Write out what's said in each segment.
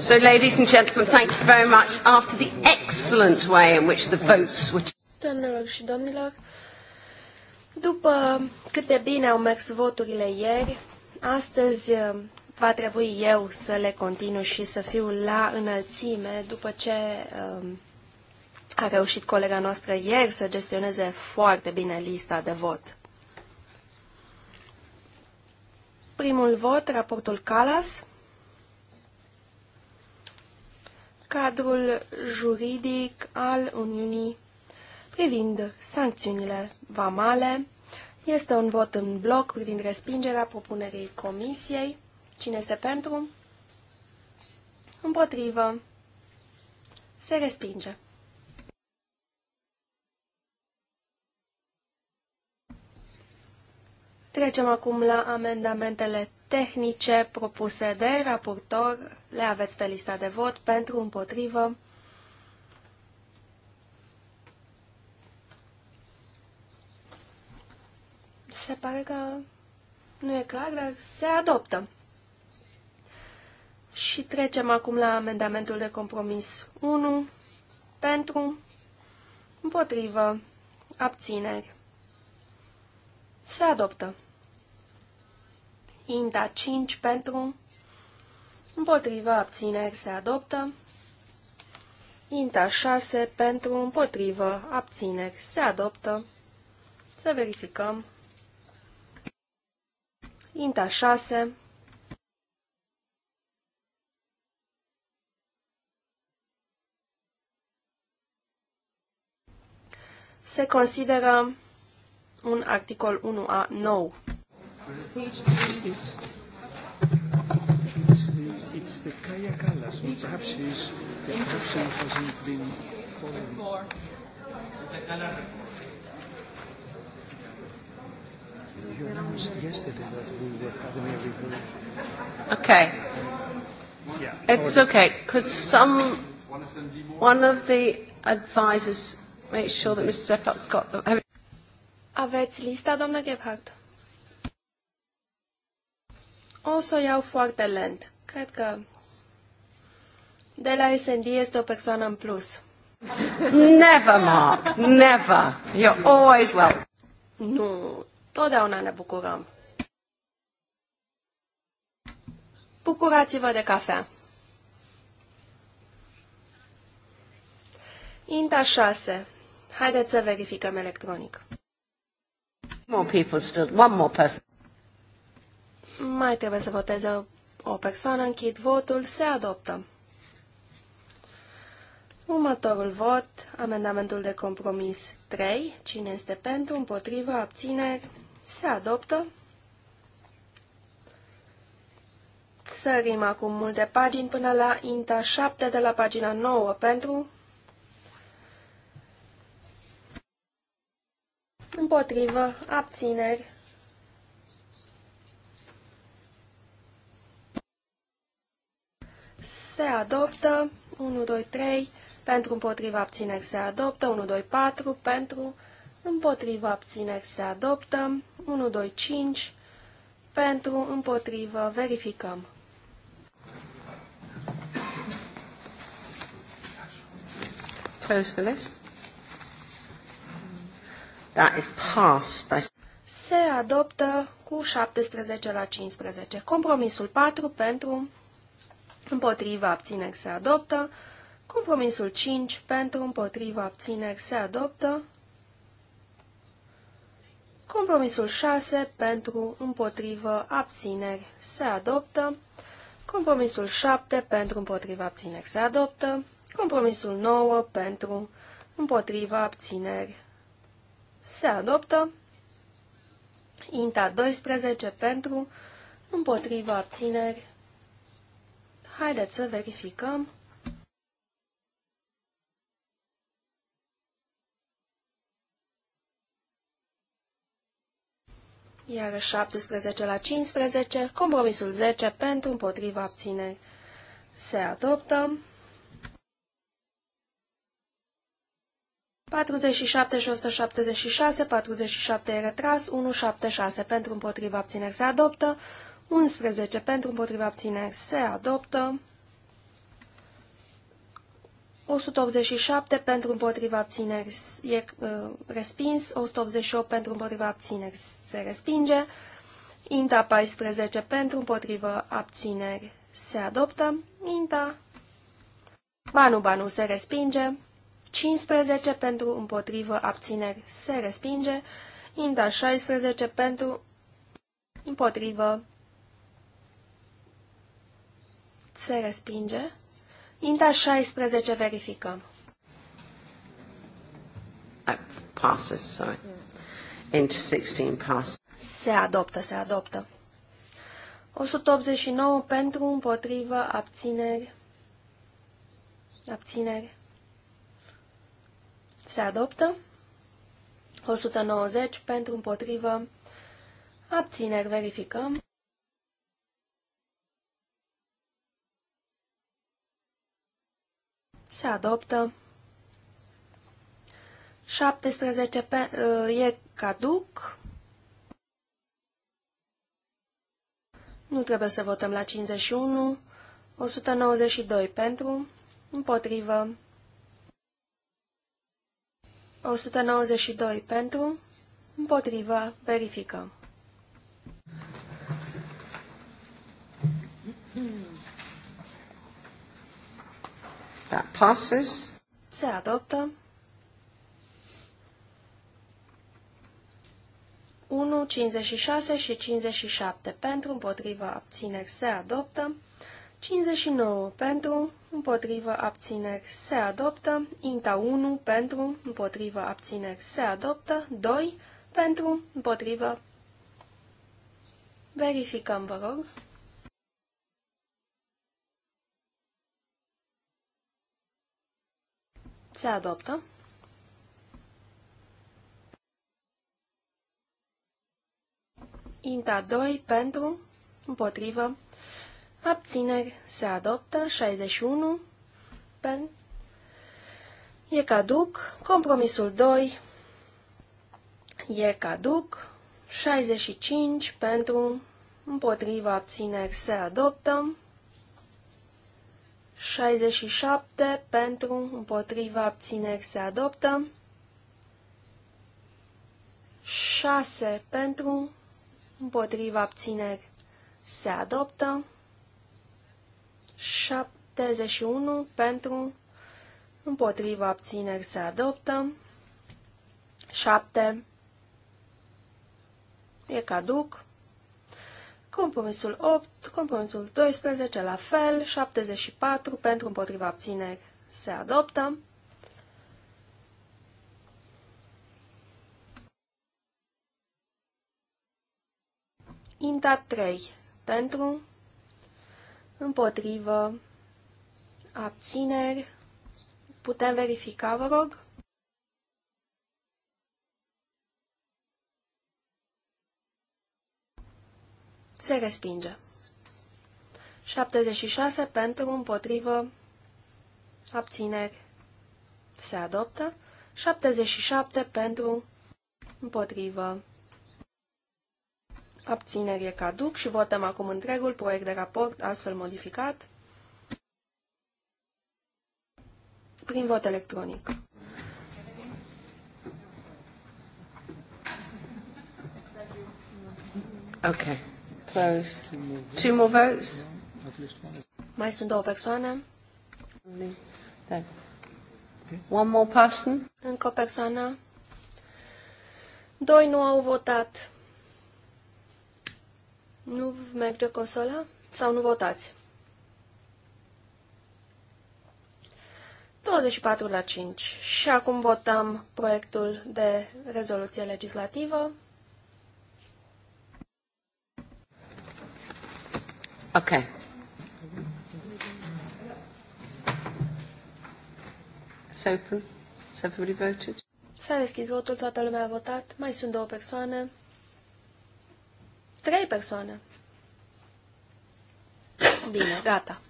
So, ladies and gentlemen, thank you very much. After the excellent way in which the votes were... Doamnelor și domnilor, după cât de bine au mers voturile ieri, astăzi uh, va trebui eu să le continu și să fiu la înălțime după ce um, a reușit colega noastră ieri să gestioneze foarte bine lista de vot. Primul vot, raportul Calas. cadrul juridic al Uniunii privind sancțiunile vamale. Este un vot în bloc privind respingerea propunerii Comisiei. Cine este pentru? Împotrivă. Se respinge. Trecem acum la amendamentele tehnice propuse de raportor le aveți pe lista de vot, pentru, împotrivă. Se pare că nu e clar, dar se adoptă. Și trecem acum la amendamentul de compromis 1, pentru, împotrivă, abțineri. Se adoptă. Inta 5 pentru, împotriva abțineri se adoptă. Inta 6 pentru împotrivă abțineri se adoptă. Să verificăm. Inta 6 se consideră un articol 1A nou. Page Mr. Kaya Kallas, perhaps perhaps he hasn't been following. You announced yesterday that we were having a Okay. Yeah. It's okay. Could some, one of the advisors make sure that Mr. Zeppelt's got them? Aveți lista, doamnă Gebhardt? O să o iau foarte lent. Cred că de la SND este o persoană în plus. Never, ma, never. You're always well. Nu, totdeauna ne bucurăm. Bucurați-vă de cafea. Inta 6. Haideți să verificăm electronic. More people still. One more person. Mai trebuie să voteze o persoană, închid votul, se adoptă. Următorul vot, amendamentul de compromis 3. Cine este pentru, împotrivă, abțineri, se adoptă. Sărim acum multe pagini până la INTA 7 de la pagina 9 pentru împotrivă, abțineri, se adoptă, 1, 2, 3, pentru împotriva abțineri se adoptă, 1, 2, 4, pentru împotriva abțineri se adoptă, 1, 2, 5, pentru împotrivă verificăm. That is passed. Se adoptă cu 17 la 15. Compromisul 4 pentru împotriva abțineri se adoptă, compromisul 5 pentru împotriva abțineri se adoptă, compromisul 6 pentru împotriva abțineri se adoptă, compromisul 7 pentru împotriva abțineri se adoptă, compromisul 9 pentru împotriva abțineri se adoptă, INTA 12 pentru împotriva abțineri Haideți să verificăm. Iar 17 la 15, compromisul 10 pentru împotriva abțineri se adoptă. 47 și 176, 47 e retras, 176 pentru împotriva abțineri se adoptă, 11 pentru împotriva abțineri se adoptă. 187 pentru împotriva abțineri e uh, respins, 188 pentru împotriva abțineri se respinge, INTA 14 pentru împotriva abțineri se adoptă, INTA, Banu Banu se respinge, 15 pentru împotriva abțineri se respinge, INTA 16 pentru împotriva se respinge. Inta 16 verificăm. Passes, sorry. Into 16 passes. Se adoptă, se adoptă. 189 pentru, împotrivă, abțineri. Abțineri. Se adoptă. 190 pentru, împotrivă, abțineri. Verificăm. Se adoptă. 17 pe, uh, e caduc. Nu trebuie să votăm la 51. 192 pentru, împotrivă. 192 pentru, împotrivă, verificăm. That passes. Se adoptă. 1, 56 și 57 pentru, împotrivă, abțineri se adoptă. 59 pentru, împotrivă abțineri se adoptă, INTA 1 pentru, împotrivă abțineri se adoptă, 2 pentru, împotrivă. Verificăm, vă rog. Se adoptă. Inta 2 pentru, împotrivă, abțineri, se adoptă, 61, pen, e caduc, compromisul 2, e caduc, 65 pentru, împotrivă, abțineri, se adoptă, 67 pentru, împotriva, abțineri se adoptă. 6 pentru, împotriva, abțineri se adoptă. 71 pentru, împotriva, abțineri se adoptă. 7 e caduc. Compromisul 8, compromisul 12, la fel, 74 pentru împotriva abțineri se adoptă. Inta 3 pentru împotrivă abțineri. Putem verifica, vă rog? Se respinge. 76 pentru, împotrivă, abțineri. Se adoptă. 77 pentru, împotrivă, abțineri e caduc și votăm acum întregul proiect de raport astfel modificat prin vot electronic. Okay. Close. Two more votes. Mai sunt două persoane. One more person. Încă o persoană. Doi nu au votat. Nu merge consola? Sau nu votați? 24 la 5. Și acum votăm proiectul de rezoluție legislativă. Okay. It's open. Has everybody voted? S-a deschis votul, toată lumea a votat. Mai sunt două persoane. Trei persoane. Bine, gata.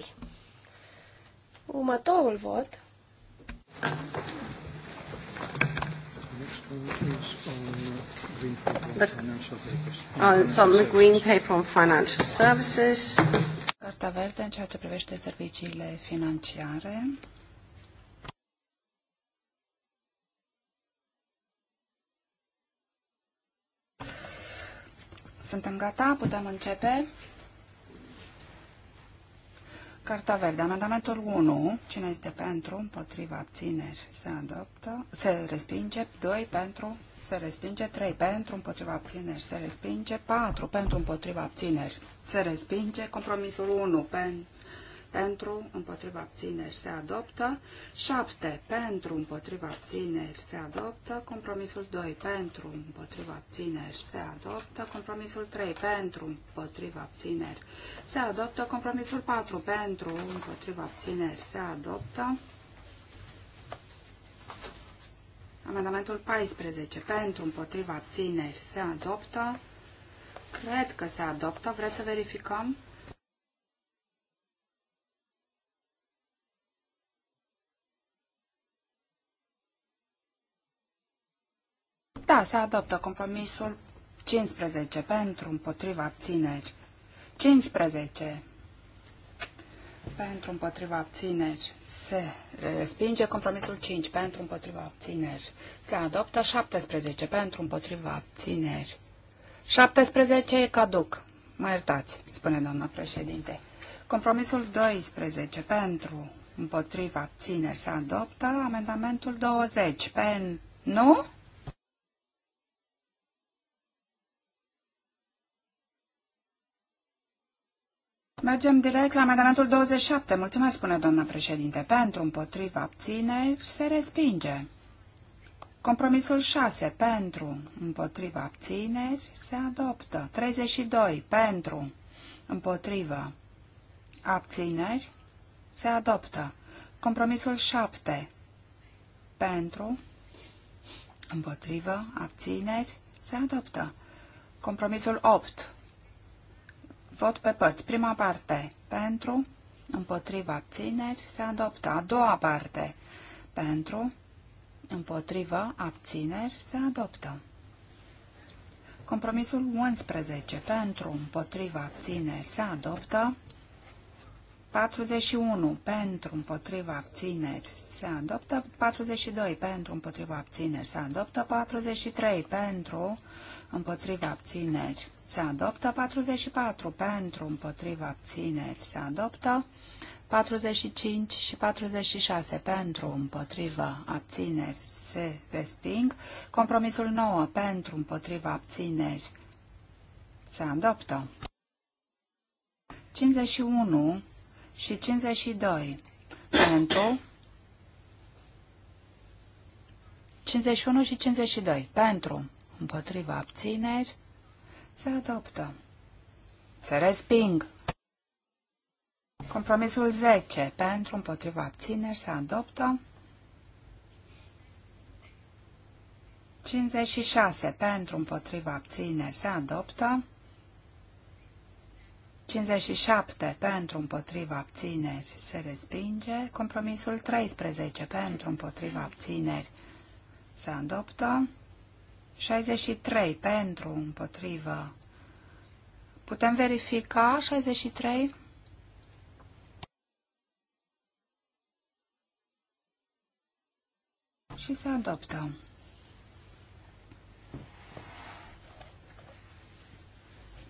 24-4-3. Următorul vot. Next one is on The, uh, some green paper on financial services. Cartea verde în ceea ce privește serviciile financiare. Suntem gata? Putem începe? Carta verde. Amendamentul 1. Cine este pentru? Împotriva abțineri. Se adoptă. Se respinge. 2. Pentru. Se respinge. 3. Pentru. Împotriva abțineri. Se respinge. 4. Pentru. Împotriva abțineri. Se respinge. Compromisul 1. Pentru pentru, împotriva abțineri se adoptă, 7 pentru, împotriva abțineri se adoptă, compromisul 2 pentru, împotriva abțineri se adoptă, compromisul 3 pentru, împotriva abțineri se adoptă, compromisul 4 pentru, împotriva abțineri se adoptă, amendamentul 14 pentru, împotriva abțineri se adoptă, cred că se adoptă, vreți să verificăm? Da, se adoptă compromisul 15 pentru împotriva abțineri. 15 pentru împotriva abțineri se respinge compromisul 5 pentru împotriva abțineri. Se adoptă 17 pentru împotriva abțineri. 17 e caduc. Mă iertați, spune doamna președinte. Compromisul 12 pentru împotriva abțineri se adoptă. Amendamentul 20 pentru... Nu? Mergem direct la amendamentul 27. Mulțumesc, spune doamna președinte. Pentru, împotriva, abține, se respinge. Compromisul 6. Pentru, împotriva, abține, se adoptă. 32. Pentru, împotriva, abține, se adoptă. Compromisul 7. Pentru, împotriva, abține, se adoptă. Compromisul 8 Vot pe părți. Prima parte pentru, împotriva abțineri se adoptă. A doua parte pentru, împotriva abțineri se adoptă. Compromisul 11 pentru, împotriva abțineri se adoptă. 41 pentru împotriva abțineri se adoptă, 42 pentru împotriva abțineri se adoptă, 43 pentru împotriva abțineri se adoptă. 44 pentru, împotriva abțineri se adoptă. 45 și 46 pentru, împotriva abțineri se resping. Compromisul 9 pentru, împotriva abțineri se adoptă. 51 și 52 pentru 51 și 52 pentru împotriva abțineri se adoptă. Se resping. Compromisul 10. Pentru împotriva abțineri se adoptă. 56. Pentru împotriva abțineri se adoptă. 57. Pentru împotriva abțineri se respinge. Compromisul 13. Pentru împotriva abțineri se adoptă. 63 pentru, împotrivă. Putem verifica 63? Și se adoptă.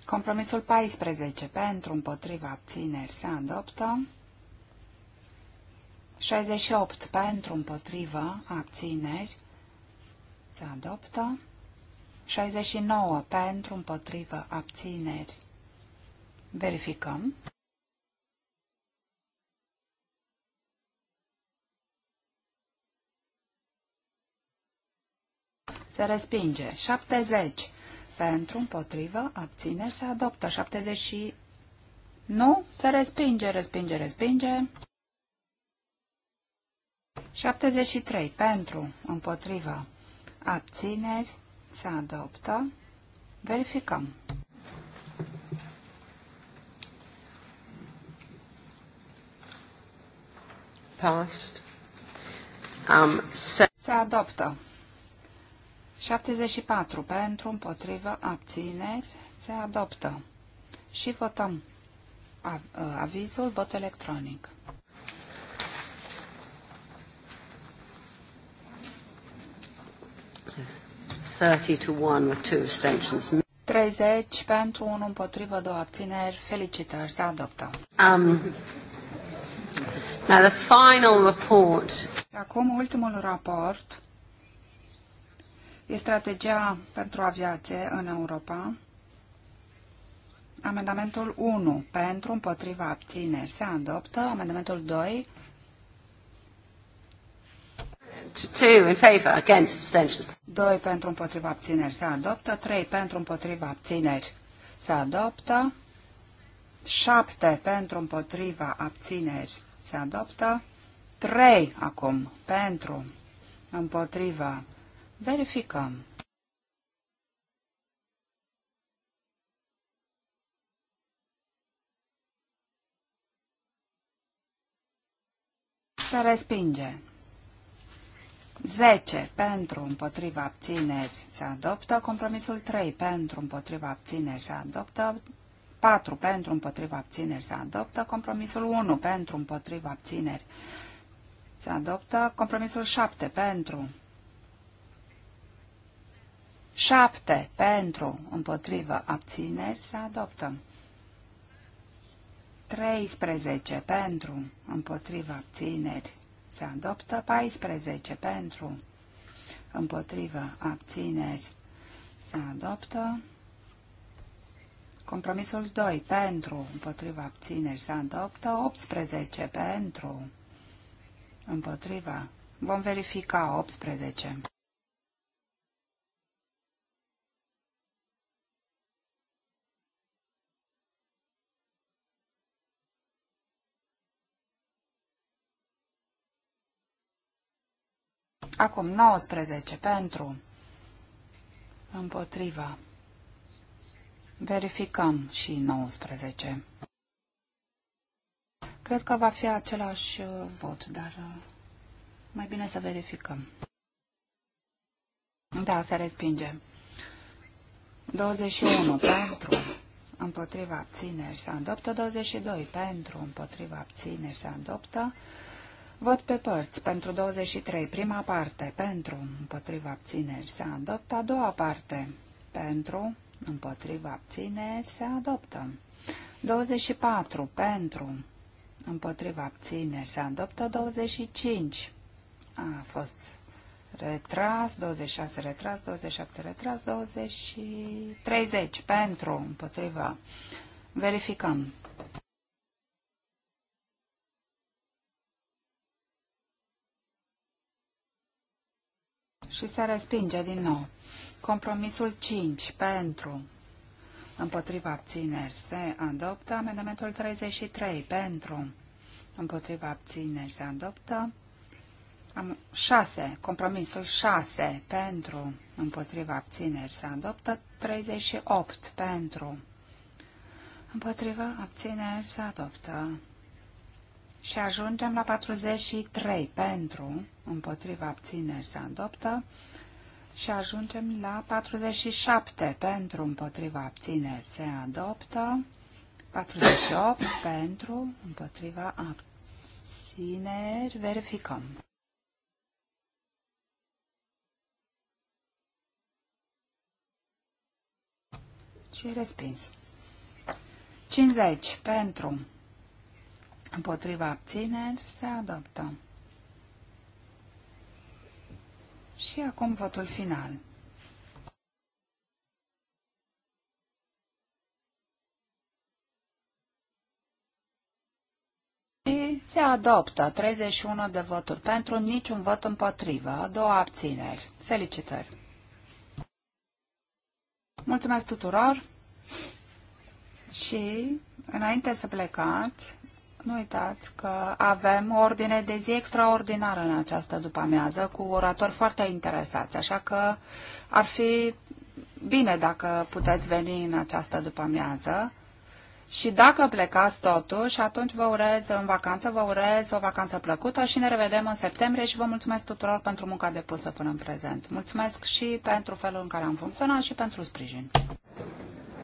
Compromisul 14 pentru, împotriva, abțineri se adoptă. 68 pentru, împotriva, abțineri se adoptă. 69 pentru, împotrivă, abțineri. Verificăm. Se respinge. 70 pentru, împotrivă, abțineri, se adoptă. 70 nu, se respinge, respinge, respinge. 73 pentru, împotrivă, abțineri, se adoptă. Verificăm. Past. Um, se... se adoptă. 74 pentru, împotrivă, abțineri, se adoptă. Și votăm uh, avizul, vot electronic. Yes. 30 pentru 1 împotrivă 2 abțineri. Felicitări, se adoptă. Um, now the final report. Acum ultimul raport e strategia pentru aviație în Europa. Amendamentul 1 pentru împotriva abțineri se adoptă. Amendamentul 2 2 in favor against abstentions. 2 pentru împotriva abțineri se adoptă, 3 pentru împotriva abțineri se adoptă, 7 pentru împotriva abțineri se adoptă, 3 acum pentru împotriva. Verificăm. Se respinge. 10 pentru împotriva abțineri se adoptă, compromisul 3 pentru împotriva abțineri se adoptă, 4 pentru împotriva abțineri se adoptă, compromisul 1 pentru împotriva abțineri se adoptă, compromisul 7 pentru 7 pentru împotriva abțineri se adoptă. 13 pentru împotriva abțineri se adoptă 14 pentru, împotrivă, abțineri, se adoptă compromisul 2 pentru, împotriva, abțineri, se adoptă 18 pentru, împotriva, vom verifica 18. Acum 19 pentru. Împotriva. Verificăm și 19. Cred că va fi același uh, vot, dar uh, mai bine să verificăm. Da, se respinge. 21 pentru, împotriva abțineri se adoptă, 22 pentru, împotriva abțineri se adoptă, Vot pe părți pentru 23. Prima parte pentru împotriva abțineri se adoptă. A doua parte pentru împotriva abțineri se adoptă. 24 pentru împotriva abțineri se adoptă. 25 a fost retras, 26 retras, 27 retras, 20 30 pentru împotriva. Verificăm. și se respinge din nou. Compromisul 5 pentru împotriva abțineri se adoptă. Amendamentul 33 pentru împotriva abțineri se adoptă. 6. Compromisul 6 pentru împotriva abțineri se adoptă. 38 pentru împotriva abțineri se adoptă. Și ajungem la 43 pentru, împotriva abțineri se adoptă. Și ajungem la 47 pentru, împotriva abțineri se adoptă. 48 pentru, împotriva abțineri, verificăm. Și respins. 50 pentru, Împotriva abțineri se adoptă. Și acum votul final. Și se adoptă 31 de voturi pentru, niciun vot împotrivă, două abțineri. Felicitări! Mulțumesc tuturor și înainte să plecați, nu uitați că avem o ordine de zi extraordinară în această după-amiază cu oratori foarte interesați, așa că ar fi bine dacă puteți veni în această după-amiază. Și dacă plecați totuși, atunci vă urez în vacanță, vă urez o vacanță plăcută și ne revedem în septembrie și vă mulțumesc tuturor pentru munca depusă până în prezent. Mulțumesc și pentru felul în care am funcționat și pentru sprijin.